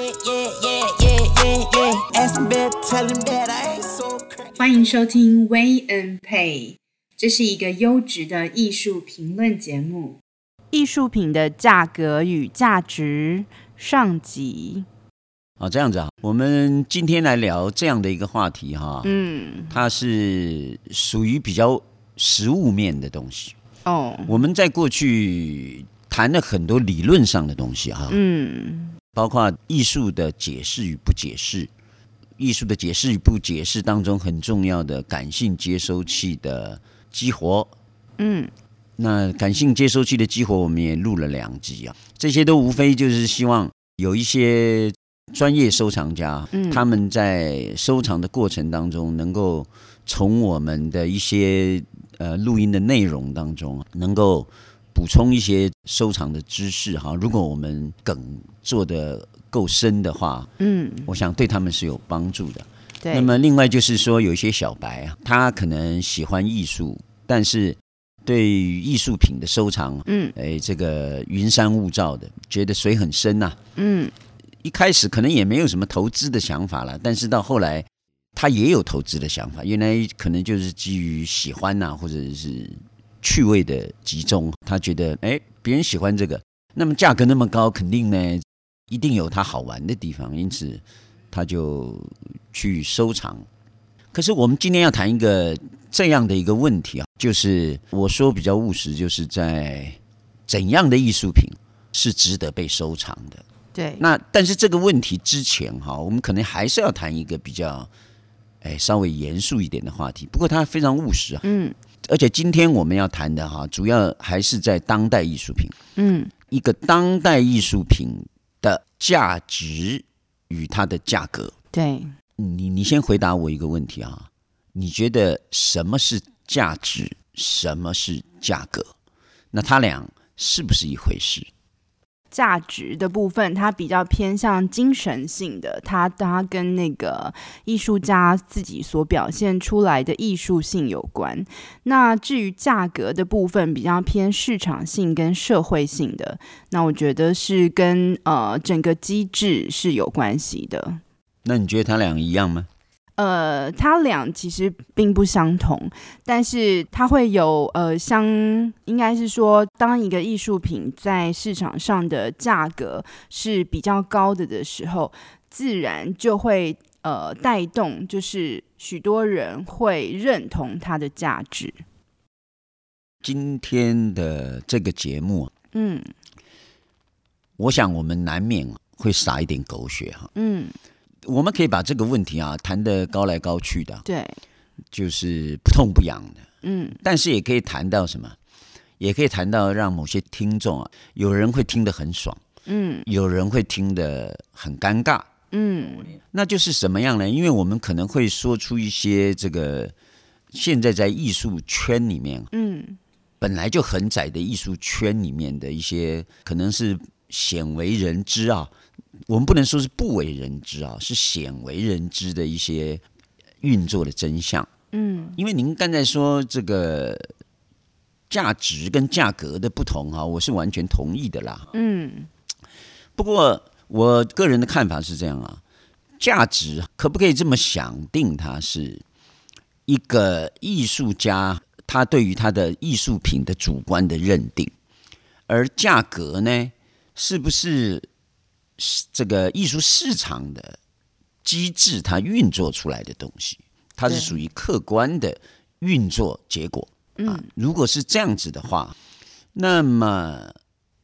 Yeah, yeah, yeah, yeah, yeah. Bad, bad, so、歡迎收聽《Wei & Pei》，這是一個優質的藝術評論節目，《藝術品的價格與價值上集》上集。啊，這樣子啊，我們今天來聊這樣的一個話題哈。嗯，它是屬於比較實務面的東西。哦，我們在過去談了很多理論上的東西哈。嗯。包括藝術的解釋與不解釋，藝術的解釋與不解釋當中很重要的感性接收器的激活，嗯，那感性接收器的激活，我們也錄了兩集啊。這些都無非就是希望有一些專業收藏家，嗯，他們在收藏的過程當中，能夠從我們的一些，呃，錄音的內容當中能夠。補充一些收藏的知識哈，如果我們梗做的夠深的話，嗯，我想對他們是有幫助的。對，那麼另外就是說，有一些小白啊，他可能喜歡藝術，但是對藝術品的收藏，嗯，哎，這個雲山霧罩的，覺得水很深吶，啊，嗯，一開始可能也沒有什麼投資的想法了，但是到後來，他也有投資的想法，原來可能就是基於喜歡吶，啊，或者是。趣味的集中，他覺得哎，別人喜歡這個，那麼價格那麼高，肯定呢，一定有它好玩的地方，因此他就去收藏。可是我們今天要談一個這樣的一個問題啊，就是我說比較務實，就是在怎樣的藝術品是值得被收藏的？對。那但是這個問題之前哈，我們可能還是要談一個比較哎稍微嚴肅一點的話題。不過他非常務實啊，嗯。而且今天我們要談的哈，主要還是在當代藝術品。嗯，一個當代藝術品的價值與它的價格。對，你你先回答我一個問題啊。你覺得什麼是價值，什麼是價格？那它倆是不是一回事？價值的部分，它比較偏向精神性的，它它跟那個藝術家自己所表現出來的藝術性有關。那至於價格的部分，比較偏市場性跟社會性的，那我覺得是跟呃整個機制是有關係的。那你覺得他倆一樣嗎？呃，他倆其實並不相同，但是它會有呃相，應該是說，當一個藝術品在市場上的價格是比較高的的時候，自然就會呃帶動，就是許多人會認同它的價值。今天的這個節目，嗯，我想我們難免會撒一點狗血哈，嗯。我們可以把這個問題啊談得高來高去的，對，就是不痛不癢的，嗯，但是也可以談到什麼？也可以談到讓某些聽眾啊，有人會聽得很爽，嗯，有人會聽得很尷尬，嗯，那就是什麼樣呢？因為我們可能會說出一些這個現在在藝術圈裡面，嗯，本來就很窄的藝術圈裡面的一些可能是鮮為人知啊。我們不能說是不為人知啊，是鮮為人知的一些運作的真相。嗯，因為您剛才說這個價值跟價格的不同哈啊，我是完全同意的啦。嗯，不過我個人的看法是這樣啊，價值可不可以這麼想定？它是一個藝術家他對於他的藝術品的主觀的認定，而價格呢，是不是？這個藝術市場的機制，它運作出來的東西，它是屬於客觀的運作結果。嗯，如果是這樣子的話，那麼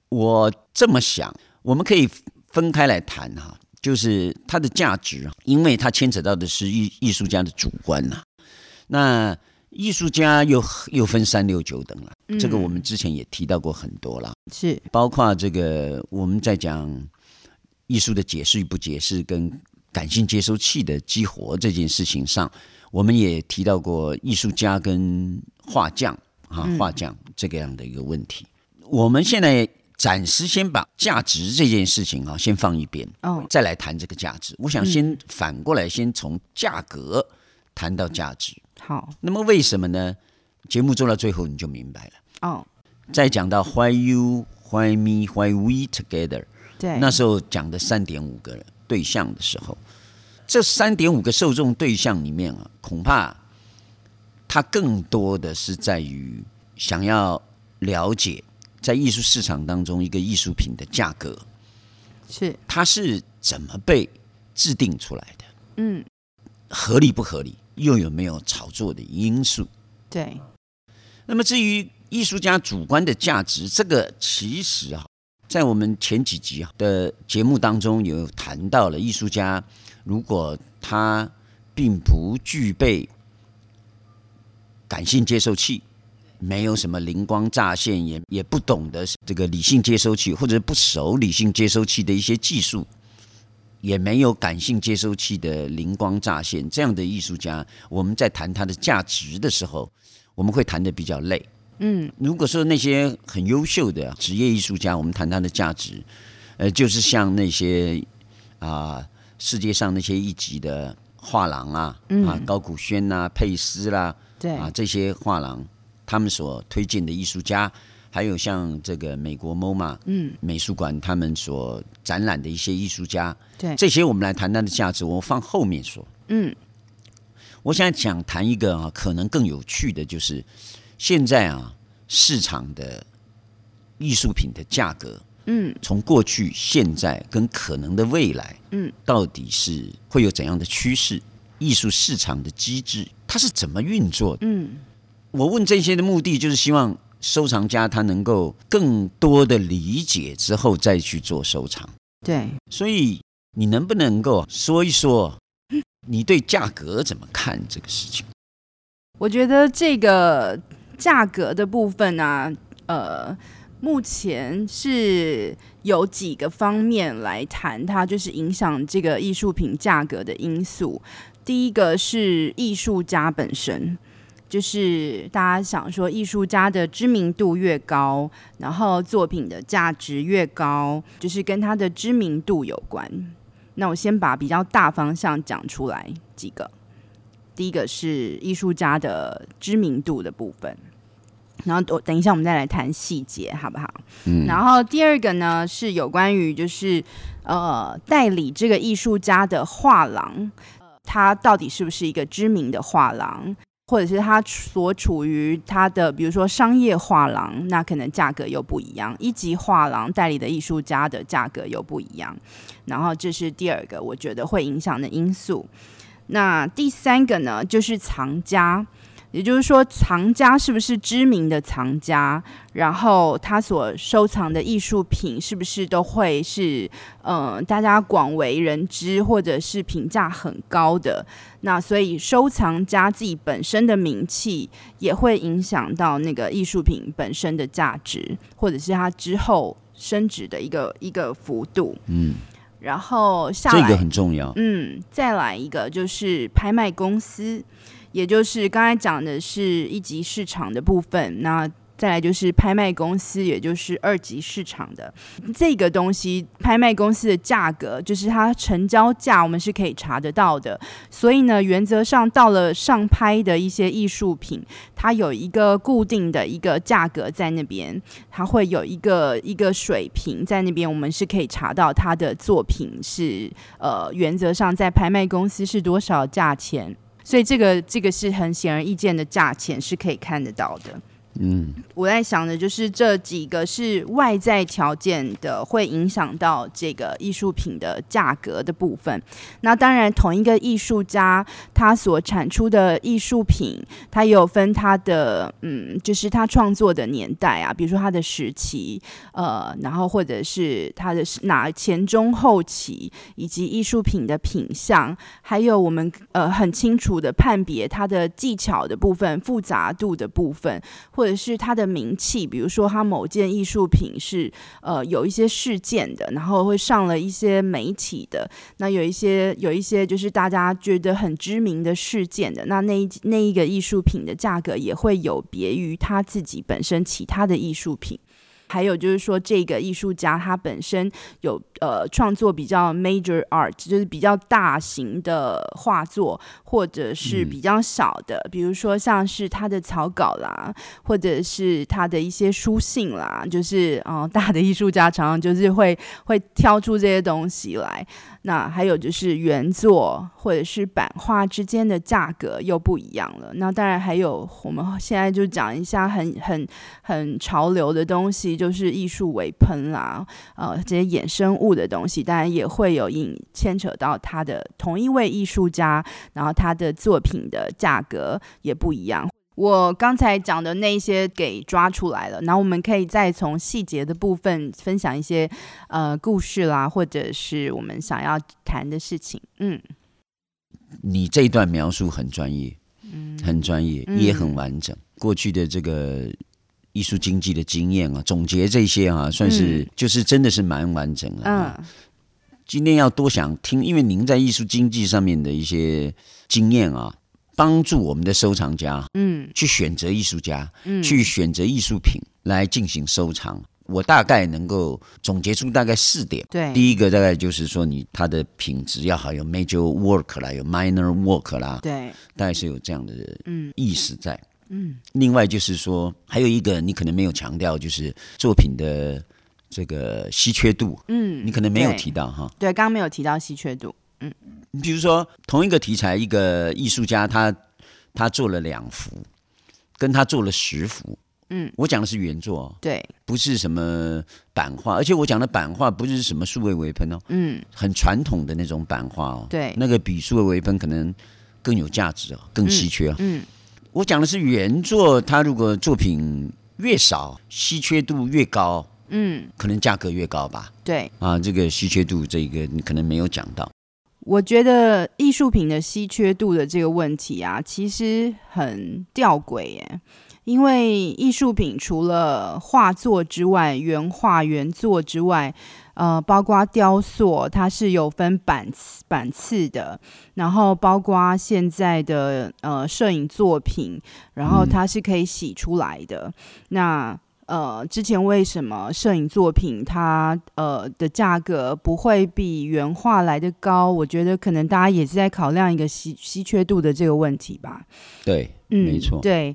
我這麼想，我們可以分開來談哈、啊，就是它的價值、啊，因為它牽扯到的是藝藝術家的主觀吶、啊。那藝術家又又分三六九等了，這個我們之前也提到過很多了，是包括這個我們在講。藝術的解釋與不解釋，跟感性接收器的激活這件事情上，我們也提到過藝術家跟畫匠啊，畫匠這個樣的一個問題、嗯。我們現在暫時先把價值這件事情啊，先放一邊，哦，再來談這個價值。我想先反過來，先從價格談到價值。好、嗯，那麼為什麼呢？節目做到最後你就明白了。哦，再講到 Why you, why me, why we together？對，那時候講的三點五個對象的時候，這三點五個受眾對象裡面啊，恐怕他更多的是在於想要了解在藝術市場當中一個藝術品的價格是它是怎麼被制定出來的？嗯，合理不合理，又有沒有炒作的因素？對。那麼至於藝術家主觀的價值，這個其實啊。在我們前幾集的節目當中，有談到了藝術家，如果他並不具備感性接收器，沒有什麼靈光乍現，也也不懂得這個理性接收器，或者不熟理性接收器的一些技術，也沒有感性接收器的靈光乍現，這樣的藝術家，我們在談他的價值的時候，我們會談得比較累。嗯，如果說那些很優秀的職業藝術家，我們談他的價值，呃，就是像那些啊、呃，世界上那些一級的畫廊啊，嗯、啊，高古軒啊，佩斯啦、啊，對啊，這些畫廊他們所推薦的藝術家，還有像這個美國 MOMA 嗯美術館他們所展覽的一些藝術家，對這些我們來談他的價值，我放後面說。嗯，我想講談一個啊，可能更有趣的就是。現在啊，市場的藝術品的價格，嗯，從過去、現在跟可能的未來，嗯，到底是會有怎樣的趨勢？藝術市場的機制它是怎麼運作的？嗯，我問這些的目的就是希望收藏家他能夠更多的理解之後再去做收藏。對，所以你能不能夠說一說你對價格怎麼看這個事情？我覺得這個。價格的部分呢，呃，目前是有幾個方面來談，它就是影響這個藝術品價格的因素。第一個是藝術家本身，就是大家想說，藝術家的知名度越高，然後作品的價值越高，就是跟它的知名度有關。那我先把比較大方向講出來幾個。第一個是藝術家的知名度的部分，然後等一下我們再來談細節，好不好？嗯。然後第二個呢是有關於就是呃代理這個藝術家的畫廊，他到底是不是一個知名的畫廊，或者是他所處於他的比如說商業畫廊，那可能價格又不一樣。一級畫廊代理的藝術家的價格又不一樣，然後這是第二個我覺得會影響的因素。那第三個呢，就是藏家，也就是說，藏家是不是知名的藏家？然後他所收藏的藝術品是不是都會是，呃，大家廣為人知，或者是評價很高的？那所以，收藏家自己本身的名氣也會影響到那個藝術品本身的價值，或者是它之後升值的一個一個幅度。嗯。然後下來，這個很重要。嗯，再來一個就是拍賣公司，也就是剛才講的是一級市場的部分。那再來就是拍賣公司，也就是二級市場的這個東西，拍賣公司的價格就是它成交價，我們是可以查得到的。所以呢，原則上到了上拍的一些藝術品，它有一個固定的一個價格在那邊，它會有一個一個水平在那邊，我們是可以查到它的作品是呃原則上在拍賣公司是多少價錢，所以這個這個是很顯而易見的價錢是可以看得到的。嗯，我在想的就是這幾個是外在條件的，會影響到這個藝術品的價格的部分。那當然，同一個藝術家他所產出的藝術品，他有分他的嗯，就是他創作的年代啊，比如說他的時期，呃，然後或者是他的那前中後期，以及藝術品的品相，還有我們呃很清楚的判別它的技巧的部分、複雜度的部分或。或者是他的名氣，比如說他某件藝術品是呃有一些事件的，然後會上了一些媒體的，那有一些有一些就是大家覺得很知名的事件的，那那一那一個藝術品的價格也會有別於他自己本身其他的藝術品。還有就是說，這個藝術家他本身有呃創作比較 major art，就是比較大型的畫作，或者是比較小的、嗯，比如說像是他的草稿啦，或者是他的一些書信啦，就是嗯、呃、大的藝術家常常就是會會挑出這些東西來。那還有就是原作或者是版畫之間的價格又不一樣了。那當然還有，我們現在就講一下很很很潮流的東西，就是藝術為噴啦，呃，這些衍生物的東西，當然也會有引牽扯到他的同一位藝術家，然後他的作品的價格也不一樣。我剛才講的那些給抓出來了，然後我們可以再從細節的部分分享一些呃故事啦，或者是我們想要談的事情。嗯，你這一段描述很專業，嗯、很專業、嗯，也很完整。過去的這個藝術經濟的經驗啊，總結這些啊，算是、嗯、就是真的是蠻完整的、啊、嗯，今天要多想聽，因為您在藝術經濟上面的一些經驗啊。幫助我們的收藏家，嗯，去選擇藝術家，嗯，去選擇藝術品來進行收藏。嗯，我大概能夠總結出大概四點。對，第一個大概就是說，你它的品質要好，有 major work 啦，有 minor work 啦，對，大概是有這樣的嗯意思在。嗯，另外就是說，還有一個你可能沒有強調，就是作品的這個稀缺度。嗯，你可能沒有提到哈。對，剛剛沒有提到稀缺度。嗯，你比如說同一個題材，一個藝術家他他做了兩幅，跟他做了十幅，嗯，我講的是原作，對，不是什麼版畫，而且我講的版畫不是什麼數位微噴哦，嗯，很傳統的那種版畫哦，對，那個比數位微噴可能更有價值哦，更稀缺哦，嗯，嗯，我講的是原作，他如果作品越少，稀缺度越高，嗯，可能價格越高吧，對，啊，這個稀缺度，這個你可能沒有講到。我覺得藝術品的稀缺度的這個問題啊，其實很吊詭耶、欸，因為藝術品除了畫作之外，原畫原作之外，呃，包括雕塑，它是有分版次版次的，然後包括現在的呃攝影作品，然後它是可以洗出來的，那。呃，之前為什麼攝影作品它呃的價格不會比原畫來得高？我覺得可能大家也是在考量一個稀稀缺度的這個問題吧。對，嗯，沒錯，對。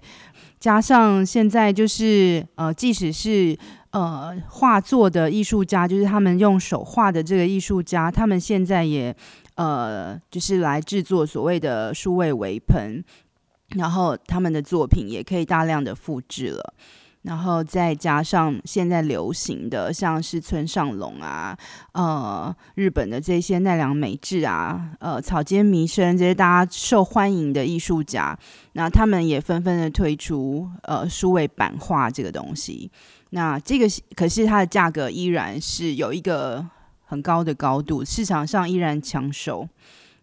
加上現在就是呃，即使是呃畫作的藝術家，就是他們用手畫的這個藝術家，他們現在也呃就是來制作所謂的數位微噴，然後他們的作品也可以大量的複製了。然後再加上現在流行的，像是村上隆啊，呃，日本的這些奈良美智啊，呃，草間彌生這些大家受歡迎的藝術家，那他們也紛紛的推出呃數位版畫這個東西。那這個可是它的價格依然是有一個很高的高度，市場上依然搶手。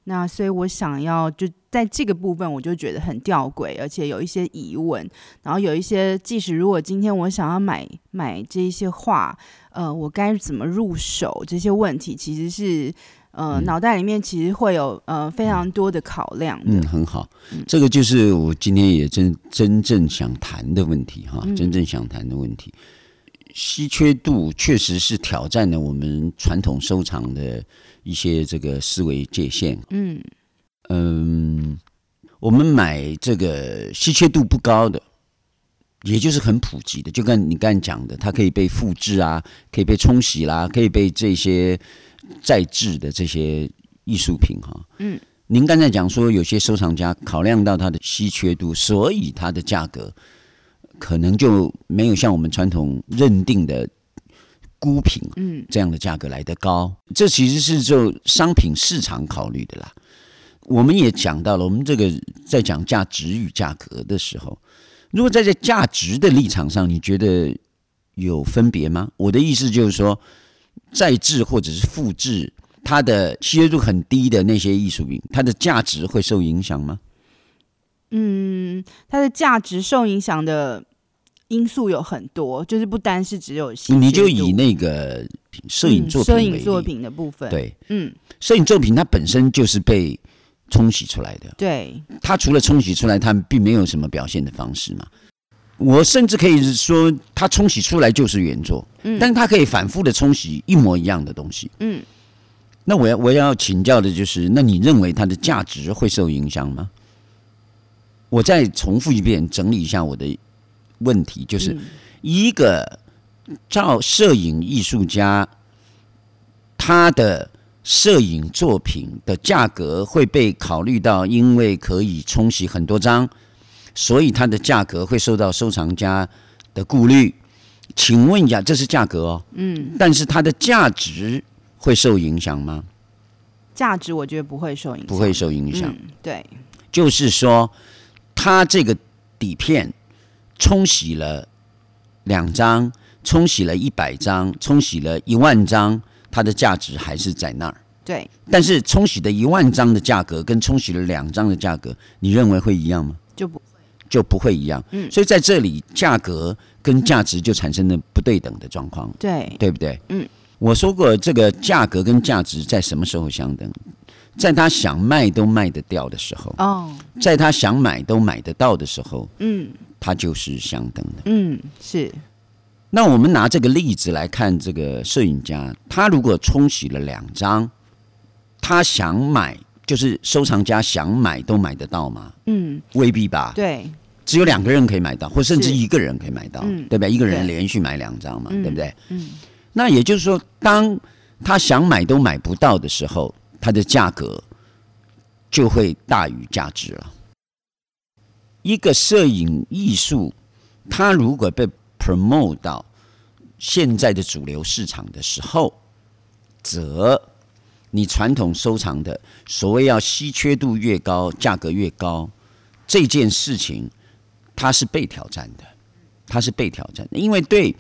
那所以，我想要就在這個部分，我就覺得很吊詭，而且有一些疑問。然後有一些，即使如果今天我想要買買這些畫，呃，我該怎麼入手？這些問題其實是，呃，腦袋裡面其實會有呃非常多的考量的嗯。嗯，很好，嗯，這個就是我今天也真真正想談的問題哈，真正想談的問題，嗯，稀缺度確實是挑戰了我們傳統收藏的。一些這個思維界限，嗯嗯，我們買這個稀缺度不高的，也就是很普及的，就跟你剛才講的，它可以被複製啊，可以被沖洗啦、啊，可以被這些再制的這些藝術品哈、啊。嗯，您剛才講說，有些收藏家考量到它的稀缺度，所以它的價格可能就沒有像我們傳統認定的孤品，嗯，這樣的價格來得高。嗯，這其實是就商品市場考慮的啦。我們也講到了，我們這個在講價值與價格的時候，如果在這價值的立場上，你覺得有分別嗎？我的意思就是說，在制或者是複製它的稀缺度很低的那些藝術品，它的價值會受影響嗎？嗯，它的價值受影響的。因素有很多，就是不單是只有你就以那個攝影作品，嗯，攝影作品的部分對，嗯，攝影作品它本身就是被沖洗出來的，對，它除了沖洗出來，它並沒有什麼表現的方式嘛。我甚至可以說，它沖洗出來就是原作，嗯，但它可以反覆的沖洗一模一樣的東西，嗯。那我要我要請教的就是，那你認為它的價值會受影響嗎？我再重複一遍，整理一下我的。問題就是，一個照攝影藝術家，他的攝影作品的價格會被考慮到，因為可以沖洗很多張，所以它的價格會受到收藏家的顧慮。請問一下，這是價格哦，嗯，但是它的價值會受影響嗎？價值我覺得不會受影響，不會受影響。對，就是說，它這個底片。沖洗了兩張，沖洗了一百張，沖洗了一萬張，它的價值還是在那兒。對。但是沖洗的一萬張的價格跟沖洗了兩張的價格，你認為會一樣嗎？就不會，就不會一樣。嗯。所以在這裡，價格跟價值就產生了不對等的狀況。對。對不對？嗯。我說過，這個價格跟價值在什麼時候相等？在他想賣都賣得掉的時候。哦。在他想買都買得到的時候。嗯。嗯它就是相等的。嗯，是。那我們拿這個例子來看，這個攝影家他如果沖洗了兩張，他想買，就是收藏家想買都買得到嗎？嗯，未必吧。對。只有兩個人可以買到，或甚至一個人可以買到，對吧？一個人連續買兩張嘛，嗯，對不對？嗯，嗯。那也就是說，當他想買都買不到的時候，它的價格就會大於價值了。一個攝影藝術，它如果被 promote 到現在的主流市場的時候，則你傳統收藏的所謂要稀缺度越高，價格越高這件事情，它是被挑戰的，它是被挑戰的。因為對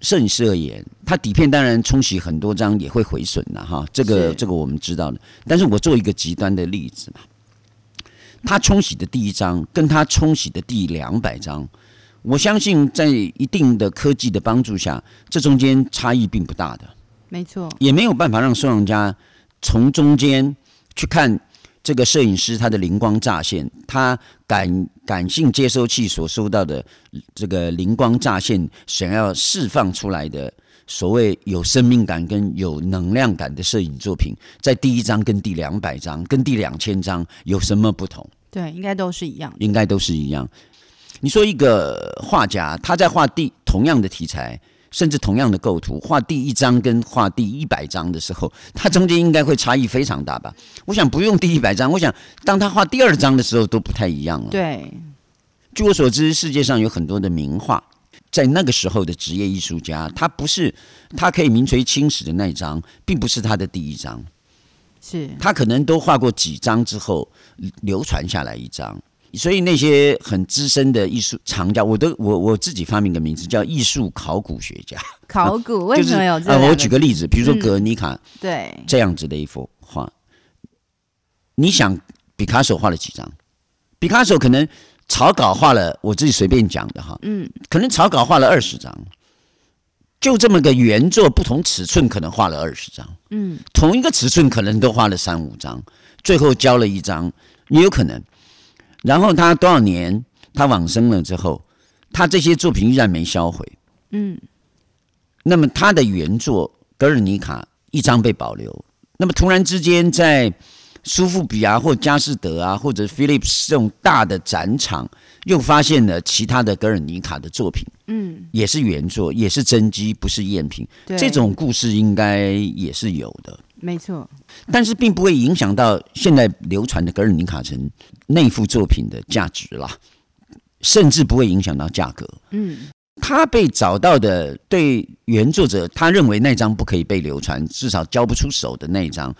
攝影師而言，它底片當然沖洗很多張也會毀損吶，哈，這個這個我們知道的。但是我做一個極端的例子嘛。他沖洗的第一張，跟他沖洗的第兩百張，我相信在一定的科技的幫助下，這中間差異並不大的。沒錯，也沒有辦法讓收藏家從中間去看這個攝影師他的靈光乍現，他感感性接收器所收到的這個靈光乍現，想要釋放出來的。所謂有生命感跟有能量感的攝影作品，在第一張跟第兩百張跟第兩千張有什麼不同？對，應該都是一樣。應該都是一樣。你說一個畫家他在畫第同樣的題材，甚至同樣的構圖，畫第一張跟畫第一百張的時候，他中間應該會差異非常大吧？我想不用第一百張，我想當他畫第二張的時候都不太一樣了。對。據我所知，世界上有很多的名畫。在那個時候的職業藝術家，他不是他可以名垂青史的那一張，並不是他的第一張，是他可能都畫過幾張之後流傳下來一張。所以那些很資深的藝術藏家，我都我我自己發明個名字叫藝術考古學家。考古，啊就是，為什麼有這樣？樣，呃，我舉個例子，比如說《格尼卡》，嗯，對這樣子的一幅畫，你想畢卡索畫了幾張？畢卡索可能。草稿畫了，我自己隨便講的哈，嗯，可能草稿畫了二十張，就這麼個原作不同尺寸，可能畫了二十張，嗯，同一個尺寸可能都畫了三五張，最後交了一張也有可能。然後他多少年，他往生了之後，他這些作品依然沒銷毀，嗯，那麼他的原作《格爾尼卡》一張被保留，那麼突然之間在。蘇富比啊，或佳士得啊，或者菲利普斯這種大的展場，又發現了其他的格爾尼卡的作品，嗯，也是原作，也是真跡，不是贗品。這種故事應該也是有的，沒錯。但是並不會影響到現在流傳的格爾尼卡城那幅作品的價值啦，甚至不會影響到價格。嗯，他被找到的對原作者，他認為那張不可以被流傳，至少交不出手的那一張。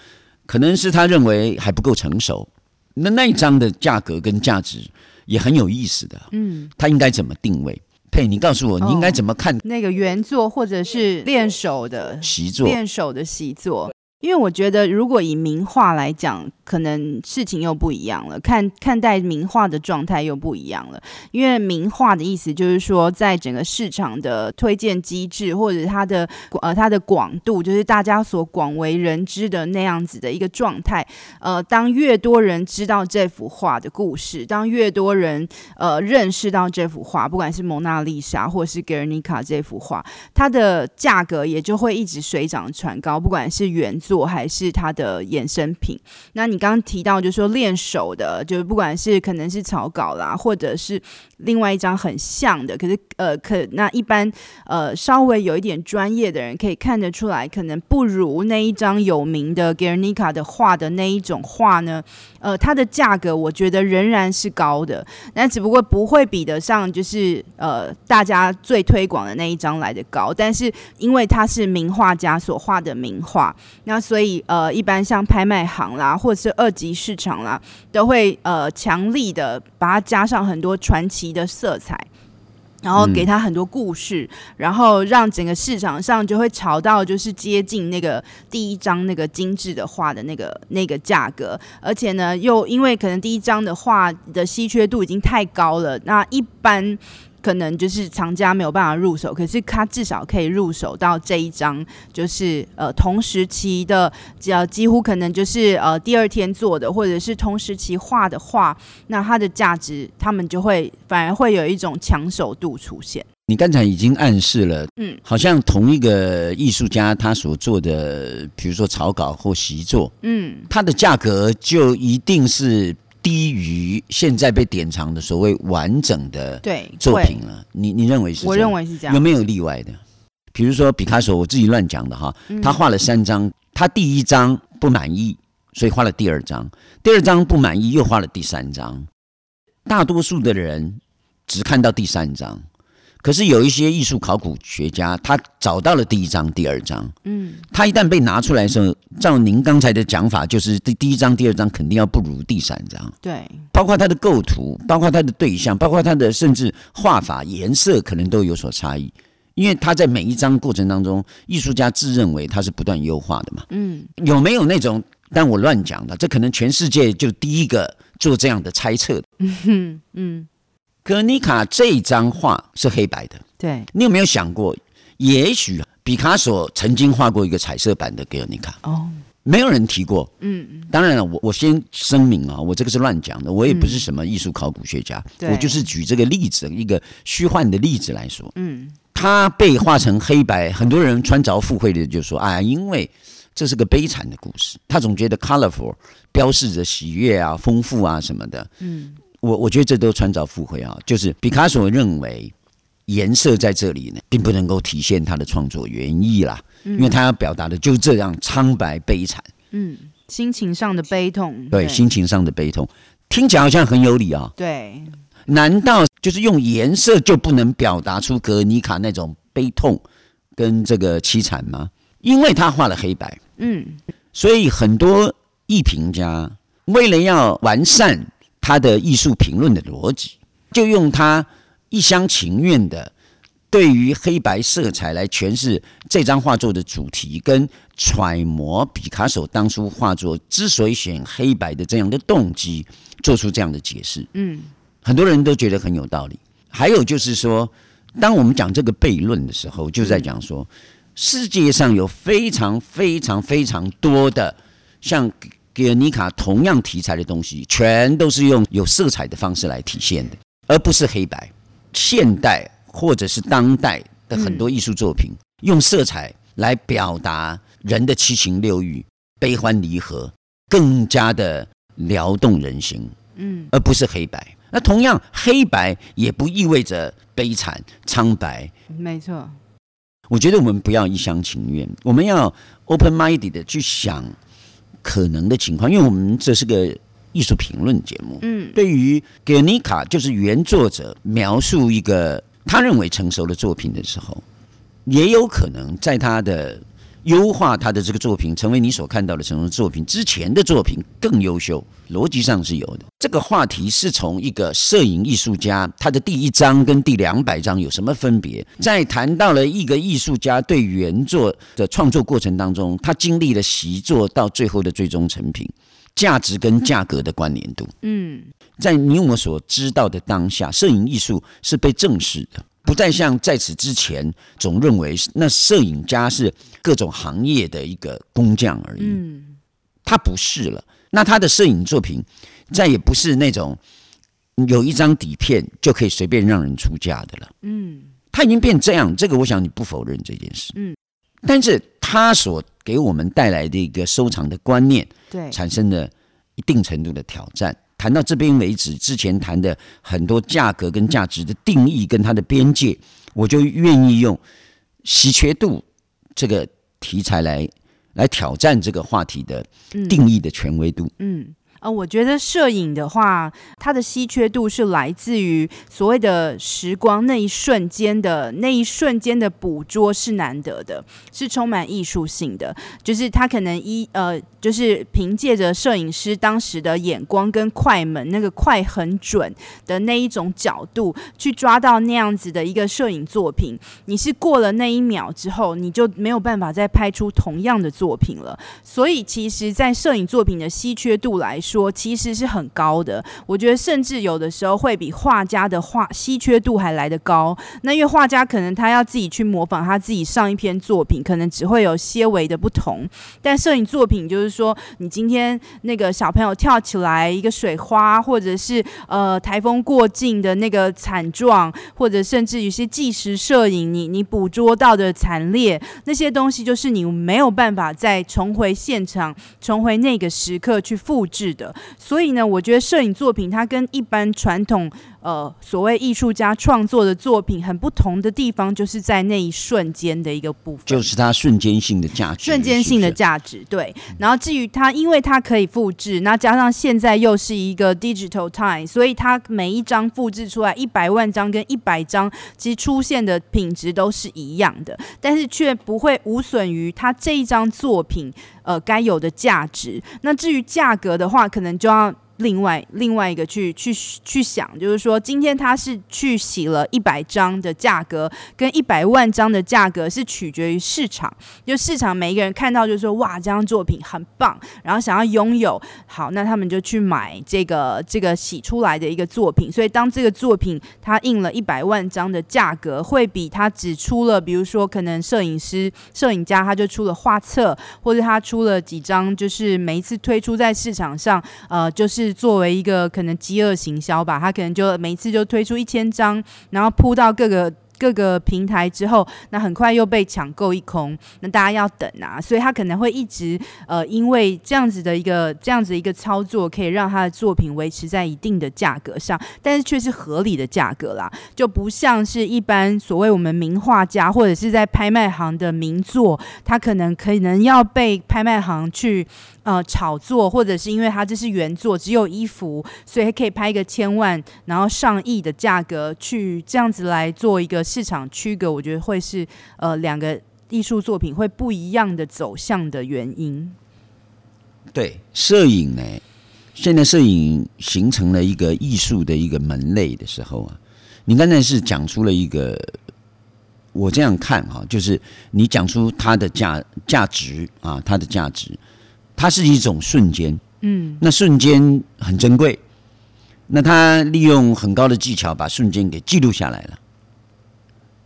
可能是他認為還不夠成熟，那那一張的價格跟價值也很有意思的，嗯，他應該怎麼定位？佩，你告訴我，哦，你應該怎麼看那個原作或者是練手的習作？練手的習作，因為我覺得如果以名畫來講。可能事情又不一樣了，看看待名畫的狀態又不一樣了，因為名畫的意思就是說，在整個市場的推薦機制或者它的呃它的廣度，就是大家所廣為人知的那樣子的一個狀態。呃，當越多人知道這幅畫的故事，當越多人呃認識到這幅畫，不管是蒙娜麗莎或是格爾尼卡這幅畫，它的價格也就會一直水漲船高，不管是原作還是它的衍生品。那你。剛提到，就說練手的，就是不管是可能是草稿啦，或者是另外一張很像的，可是呃，可那一般呃稍微有一點專業的人可以看得出來，可能不如那一張有名的《Guernica》的畫的那一種畫呢。呃，它的價格我覺得仍然是高的，那只不過不會比得上就是呃大家最推廣的那一張來的高，但是因為它是名畫家所畫的名畫，那所以呃一般像拍賣行啦，或者是二級市場啦，都會呃強力的把它加上很多傳奇的色彩。然後給他很多故事，嗯，然後讓整個市場上就會炒到，就是接近那個第一張那個精緻的畫的那個那個價格，而且呢，又因為可能第一張的畫的稀缺度已經太高了，那一般。可能就是藏家沒有辦法入手，可是他至少可以入手到這一張，就是呃同時期的，只要、呃、幾乎可能就是呃第二天做的，或者是同時期畫的畫，那它的價值他們就會反而會有一種搶手度出現。你剛才已經暗示了，嗯，好像同一個藝術家他所做的，比如說草稿或習作，嗯，它的價格就一定是。低於現在被典藏的所謂完整的作品了。啊，你你認為是？我認為是這樣。有沒有例外的？比如說，畢卡索，我自己亂講的哈，嗯、他畫了三張，他第一張不滿意，所以畫了第二張，第二張不滿意，又畫了第三張。大多數的人只看到第三張。可是有一些藝術考古學家，他找到了第一張、第二張。嗯，他一旦被拿出來的時候，照您剛才的講法，就是第第一張、第二張肯定要不如第三張。對，包括他的構圖，包括他的對象，包括他的甚至畫法、顏色，可能都有所差異。因為他在每一張過程當中，藝術家自認為他是不斷優化的嘛嗯。嗯，有沒有那種？但我亂講的，這可能全世界就第一個做這樣的猜測嗯。嗯《格尼卡》這張畫是黑白的。對，你有沒有想過，也許畢卡索曾經畫過一個彩色版的《格尼卡》oh？哦，沒有人提過。嗯嗯。當然了，我我先聲明啊，我這個是亂講的，我也不是什麼藝術考古學家。嗯，我就是舉這個例子，一個虛幻的例子來說。嗯。他被畫成黑白，很多人穿鑿附會的就說：“哎，因為這是個悲慘的故事。”他總覺得 “colorful” 標示着喜悅啊、豐富啊什麼的。嗯。我我覺得這都穿鑿附會啊，就是畢卡索認為顏色在這裡呢，並不能夠體現他的創作原意啦，嗯、因為他要表達的就是這樣蒼白悲慘，嗯，心情上的悲痛，對，對，心情上的悲痛，聽起來好像很有理啊、哦，對，難道就是用顏色就不能表達出《格尼卡》那種悲痛跟這個淒慘嗎？因為他畫了黑白，嗯，所以很多藝評家為了要完善。他的藝術評論的邏輯，就用他一廂情願的對於黑白色彩來詮釋這張畫作的主題，跟揣摩畢卡索當初畫作之所以選黑白的這樣的動機，做出這樣的解釋。嗯，很多人都覺得很有道理。還有就是說，當我們講這個悖論的時候，就在講說世界上有非常非常非常多的像。格爾尼卡》同樣題材的東西，全都是用有色彩的方式來體現的，而不是黑白。現代或者是當代的很多藝術作品，嗯、用色彩來表達人的七情六欲、悲歡離合，更加的撩動人心。嗯，而不是黑白。那同樣，黑白也不意味着悲慘、蒼白。沒錯。我覺得我們不要一廂情願，我們要 open-minded 的去想。可能的情況，因為我們這是個藝術評論節目。嗯，對於格爾尼卡，就是原作者描述一個他認為成熟的作品的時候，也有可能在他的。優化他的這個作品，成為你所看到的成功作品之前的作品更優秀，邏輯上是有的。這個話題是從一個攝影藝術家，他的第一章跟第兩百章有什麼分別？在談到了一個藝術家對原作的創作過程當中，他經歷了習作到最後的最終成品，價值跟價格的關聯度。嗯，在你我所知道的當下，攝影藝術是被正視的。不再像在此之前總認為那攝影家是各種行業的一個工匠而已，他不是了。那他的攝影作品再也不是那種有一張底片就可以隨便讓人出價的了。嗯，他已經變這樣，這個我想你不否認這件事。嗯，但是他所給我們帶來的一個收藏的觀念，對，產生了一定程度的挑戰。談到這邊為止，之前談的很多價格跟價值的定義跟它的邊界，我就願意用稀缺度這個題材來來挑戰這個話題的定義的權威度。嗯。嗯呃，我覺得攝影的話，它的稀缺度是來自於所謂的時光那一瞬間的，那一瞬間的捕捉是難得的，是充滿藝術性的。就是他可能一呃，就是憑借着攝影師當時的眼光跟快門那個快很準的那一種角度去抓到那樣子的一個攝影作品。你是過了那一秒之後，你就沒有辦法再拍出同樣的作品了。所以其實，在攝影作品的稀缺度來說，說其實是很高的，我覺得甚至有的時候會比畫家的畫稀缺度還來得高。那因為畫家可能他要自己去模仿他自己上一篇作品，可能只會有些微的不同。但攝影作品就是說，你今天那個小朋友跳起來一個水花，或者是呃颱風過境的那個慘狀，或者甚至有些紀實攝影，你你捕捉到的慘烈那些東西，就是你沒有辦法再重回現場，重回那個時刻去複製的。所以呢，我覺得攝影作品它跟一般傳統呃，所謂藝術家創作的作品很不同的地方，就是在那一瞬間的一個部分，就是它瞬間性的價值，值，瞬間性的價值，對。然後至於它，因為它可以複製，那加上現在又是一個 digital time，所以它每一張複製出來一百萬張跟一百張，其實出現的品質都是一樣的，但是卻不會無損於它這一張作品，呃，該有的價值。那至於價格的話，可能就要。另外另外一個去去去想，就是說今天他是去洗了一百張的價格，跟一百萬張的價格，是取決於市場，就市場每一個人看到就說，哇，這張作品很棒，然後想要擁有，好，那他們就去買這個這個洗出來的一個作品，所以當這個作品它印了一百萬張的價格，會比他只出了，比如說可能攝影師、攝影家他就出了畫冊，或者他出了幾張，就是每一次推出在市場上，呃，就是。作為一個可能飢餓行銷吧，他可能就每次就推出一千張，然後鋪到各個各個平台之後，那很快又被搶購一空，那大家要等啊，所以他可能會一直呃，因為這樣子的一個這樣子一個操作，可以讓他的作品維持在一定的價格上，但是卻是合理的價格啦，就不像是一般所謂我們名畫家或者是在拍賣行的名作，他可能可能要被拍賣行去。呃，炒作，或者是因為它，這是原作，只有衣服，所以還可以拍一個千萬，然後上億的價格去這樣子來做一個市場區隔，我覺得會是呃兩個藝術作品會不一樣的走向的原因。對，攝影呢、欸，現在攝影形成了一個藝術的一個門類的時候啊，你剛才是講出了一個，我這樣看哈、啊，就是你講出它的價價值啊，它的價值。它是一種瞬間，嗯，那瞬間很珍貴，那他利用很高的技巧把瞬間給記錄下來了，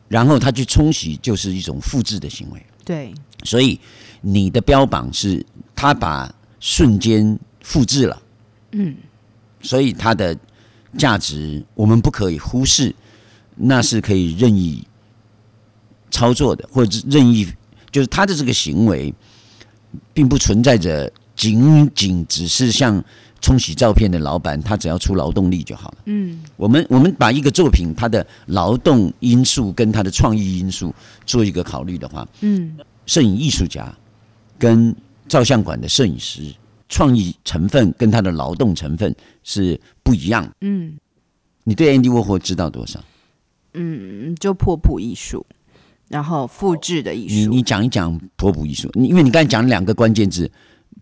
然後他去沖洗，就是一種複製的行為。對，所以你的標榜是他把瞬間複製了，嗯，所以它的價值我們不可以忽視，那是可以任意操作的，或者任意，就是他的這個行為。並不存在着，僅僅只是像沖洗照片的老板，他只要出勞動力就好了。嗯，我們我們把一個作品，它的勞動因素跟它的創意因素做一個考慮的話，嗯，攝影藝術家跟照相館的攝影師，創意成分跟他的勞動成分是不一樣。嗯，你對安迪沃霍知道多少？嗯，就普普藝術。然後複製的藝術。你，你講一講波普藝術。你因為你剛才講兩個關鍵字，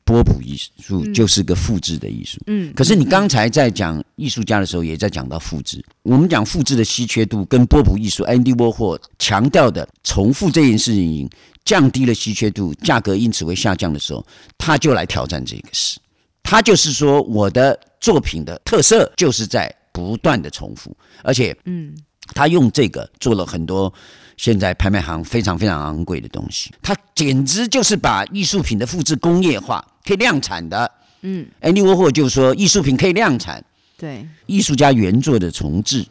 波普藝術就是個複製的藝術。嗯，可是你剛才在講藝術家的時候，也在講到複製、嗯。我們講複製的稀缺度跟波普藝術、嗯、Andy Warhol 強調的重複這件事情，降低了稀缺度，價格因此會下降的時候，嗯、他就來挑戰這個事。他就是說，我的作品的特色就是在不斷的重複，而且，嗯，他用這個做了很多。現在拍賣行非常非常昂貴的東西，它簡直就是把藝術品的複制工業化，可以量產的。嗯，Andy Warhol 就說藝術品可以量產，對，藝術家原作的重製、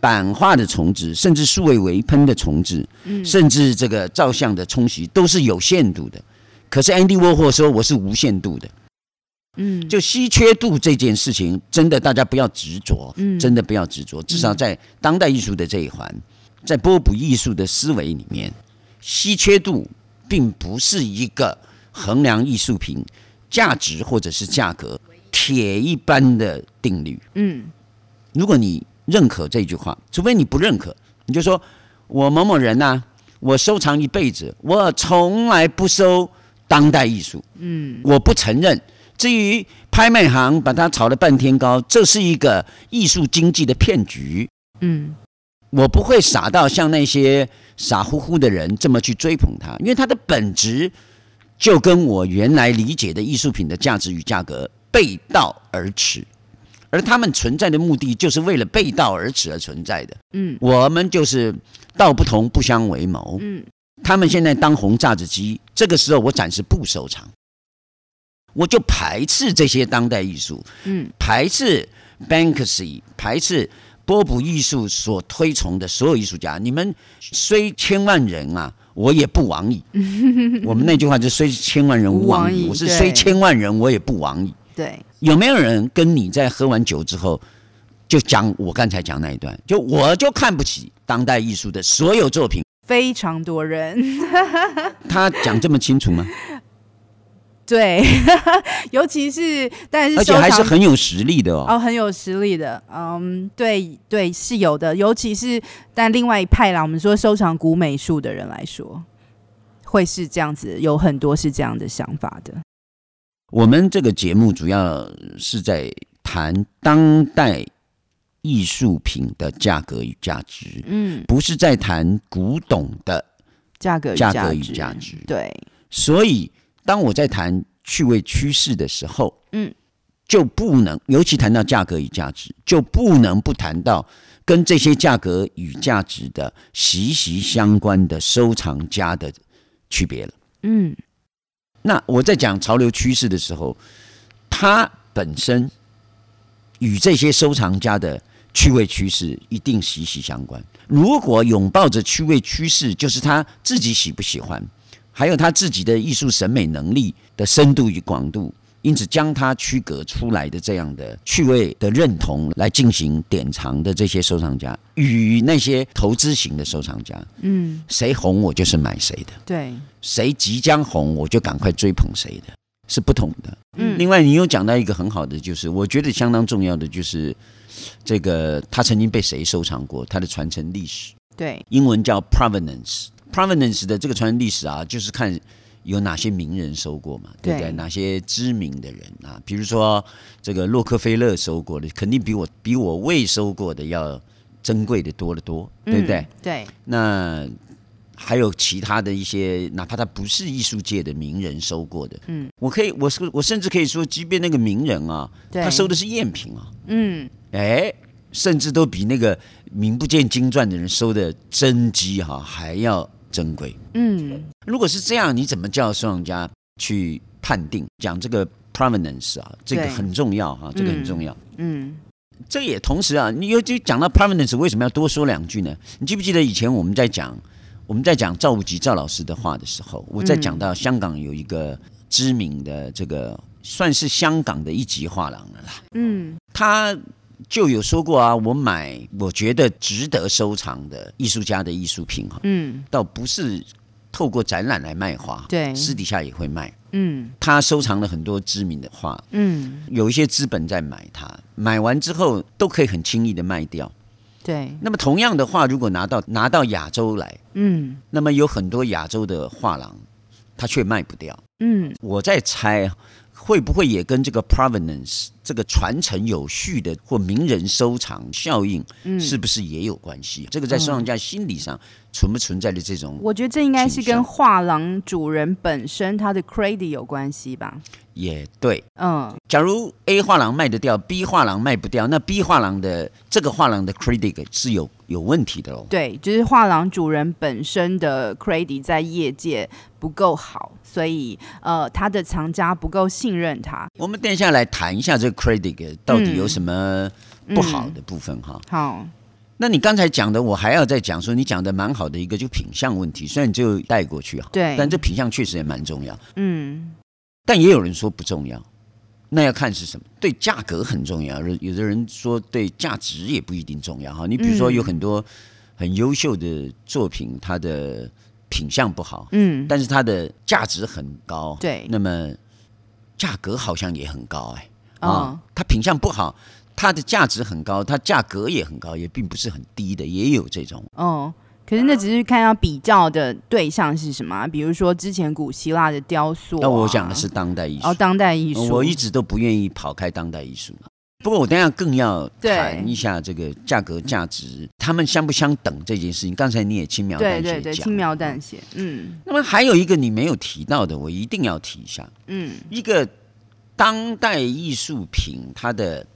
版畫的重製，甚至數位微噴的重製、嗯、甚至這個照相的沖洗，都是有限度的。可是 Andy Warhol 說我是無限度的。嗯，就稀缺度這件事情，真的大家不要執着，嗯、真的不要執着，至少在當代藝術的這一環。在波普藝術的思維裡面，稀缺度並不是一個衡量藝術品價值或者是價格鐵一般的定律。嗯，如果你認可這句話，除非你不認可，你就說我某某人呢啊，我收藏一輩子，我從來不收當代藝術。嗯，我不承認。至於拍賣行把它炒了半天高，這是一個藝術經濟的騙局。嗯。我不會傻到像那些傻乎乎的人這麼去追捧他，因為他的本質就跟我原來理解的藝術品的價值與價格背道而馳，而他們存在的目的就是為了背道而馳而存在的。嗯，我們就是道不同不相為謀。嗯，他們現在當紅炸子雞，這個時候我暫時不收藏，我就排斥這些當代藝術。嗯，排斥 Banksy，排斥。波普藝術所推崇的所有藝術家，你們雖千萬人啊，我也不往矣。 我們那句話就雖千萬人吾往矣。我是雖千萬人我也不往矣。對，有沒有人跟你在喝完酒之後就講我剛才講那一段？就我就看不起當代藝術的所有作品。非常多人。 他講這麼清楚嗎？對， 尤其是但是，而且還是很有實力的哦，哦很有實力的，嗯，對對，是有的。尤其是但另外一派啦，我們說收藏古美術的人來說，會是這樣子，有很多是這樣的想法的。我們這個節目主要是在談當代藝術品的價格與價值，嗯，不是在談古董的價格價、價格與價值，對，所以。當我在談趣味趨勢的時候，嗯，就不能，尤其談到價格與價值，就不能不談到跟這些價格與價值的息息相關的收藏家的區別了。嗯，那我在講潮流趨勢的時候，它本身與這些收藏家的趣味趨勢一定息息相關。如果擁抱着趣味趨勢，就是他自己喜不喜歡。還有他自己的藝術審美能力的深度與廣度，因此將他區隔出來的這樣的趣味的認同來進行典藏的這些收藏家，與那些投資型的收藏家，嗯，誰紅我就是買誰的，對，誰即將紅我就趕快追捧誰的，是不同的。嗯，另外你有講到一個很好的，就是我覺得相當重要的，就是這個他曾經被誰收藏過，他的傳承歷史。對，英文叫 provenance。provenance 的這個傳人歷史啊，就是看有哪些名人收過嘛，對不對，對？哪些知名的人啊？比如說這個洛克菲勒收過的，肯定比我比我未收過的要珍貴的多得多，對不對，嗯？對。那還有其他的一些，哪怕他不是藝術界的名人收過的，嗯，我可以，我我甚至可以說，即便那個名人啊，他收的是贗品啊，嗯，哎。甚至都比那個名不見經傳的人收的真跡哈、啊、還要珍貴。嗯，如果是這樣，你怎麼叫收藏家去判定？講這個 provenance 啊，這個很重要哈、啊，這個很重要嗯。嗯，這也同時啊，你尤其講到 provenance，為什麼要多說兩句呢？你記不記得以前我們在講我們在講趙無極趙老師的話的時候，我在講到香港有一個知名的這個算是香港的一級畫廊了啦。嗯，他。就有說過啊，我買我覺得值得收藏的藝術家的藝術品哈，嗯，倒不是透過展覽來賣畫，對，私底下也會賣，嗯，他收藏了很多知名的畫，嗯，有一些資本在買它，買完之後都可以很輕易的賣掉，對。那麼同樣的話，如果拿到拿到亞洲來，嗯，那麼有很多亞洲的畫廊，他卻賣不掉，嗯，我在猜。會不會也跟這個 provenance 這個傳承有序的或名人收藏效應、嗯，是不是也有關係？這個在收藏家心理上存不存在的這種？我覺得這應該是跟畫廊主人本身他的 credit 有關係吧。也對。嗯，假如 A 畫廊賣得掉，B 畫廊賣不掉，那 B 畫廊的這個畫廊的 credit 是有有問題的咯。對，就是畫廊主人本身的 credit 在業界不夠好。所以，呃，他的藏家不夠信任他。我們等一下來談一下這個 credit 到底有什麼不好的部分哈、嗯嗯。好，那你剛才講的，我還要再講說，你講的蠻好的一個就品相問題，雖然你就帶過去哈，對，但這品相確實也蠻重要。嗯，但也有人說不重要，那要看是什麼。對價格很重要，有有的人說對價值也不一定重要哈、嗯。你比如說有很多很優秀的作品，它的。品相不好，嗯，但是它的價值很高，對，那麼價格好像也很高、欸，哎、哦，啊，它品相不好，它的價值很高，它價格也很高，也並不是很低的，也有這種。哦，可是那只是看要比較的對象是什麼，比如說之前古希臘的雕塑、啊，那、呃、我講的是當代藝術，哦，當代藝術，呃、我一直都不願意跑開當代藝術。不過我等下更要談一下這個價格價值，他們相不相等這件事情。剛才你也輕描淡寫、輕描淡寫，嗯。那麼還有一個你沒有提到的，我一定要提一下，嗯，一個當代藝術品它的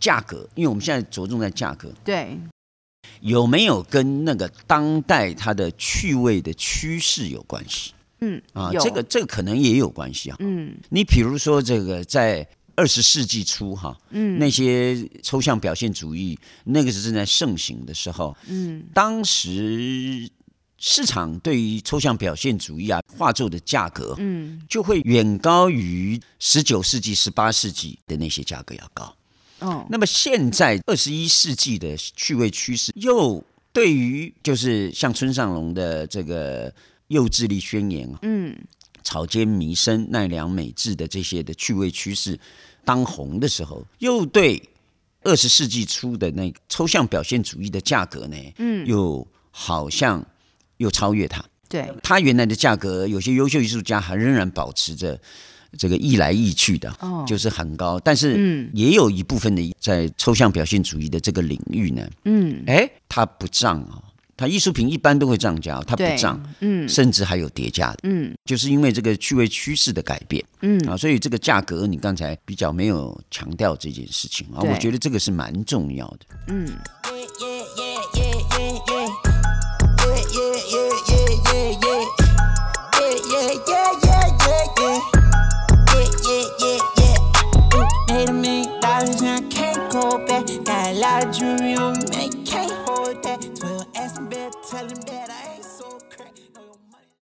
價格，因為我們現在着重在價格，對，有沒有跟那個當代它的趣味的趨勢有關係？嗯，啊，這個這個可能也有關係啊，嗯，你比如說這個在。二十世紀初，哈，嗯，那些抽象表現主義那個是正在盛行的時候，嗯，當時市場對於抽象表現主義啊畫作的價格，嗯，就會遠高於十九世紀、十八世紀的那些價格要高。哦，那麼現在二十一世紀的趣味趨勢，又對於就是像村上隆的這個幼稚力宣言啊，嗯，草間彌生、奈良美智的這些的趣味趨勢。當紅的時候，又對二十世紀初的那抽象表現主義的價格呢？嗯，又好像又超越它。對，它原來的價格，有些優秀藝術家還仍然保持着這個溢來溢去的、哦，就是很高。但是也有一部分的在抽象表現主義的這個領域呢，嗯，哎，它不漲啊、哦。它藝術品一般都會漲價，它不漲，甚至、嗯、還有跌價的，嗯，就是因為這個趣味趨勢的改變，嗯啊，所以這個價格你剛才比較沒有強調這件事情啊，我覺得這個是蠻重要的，嗯。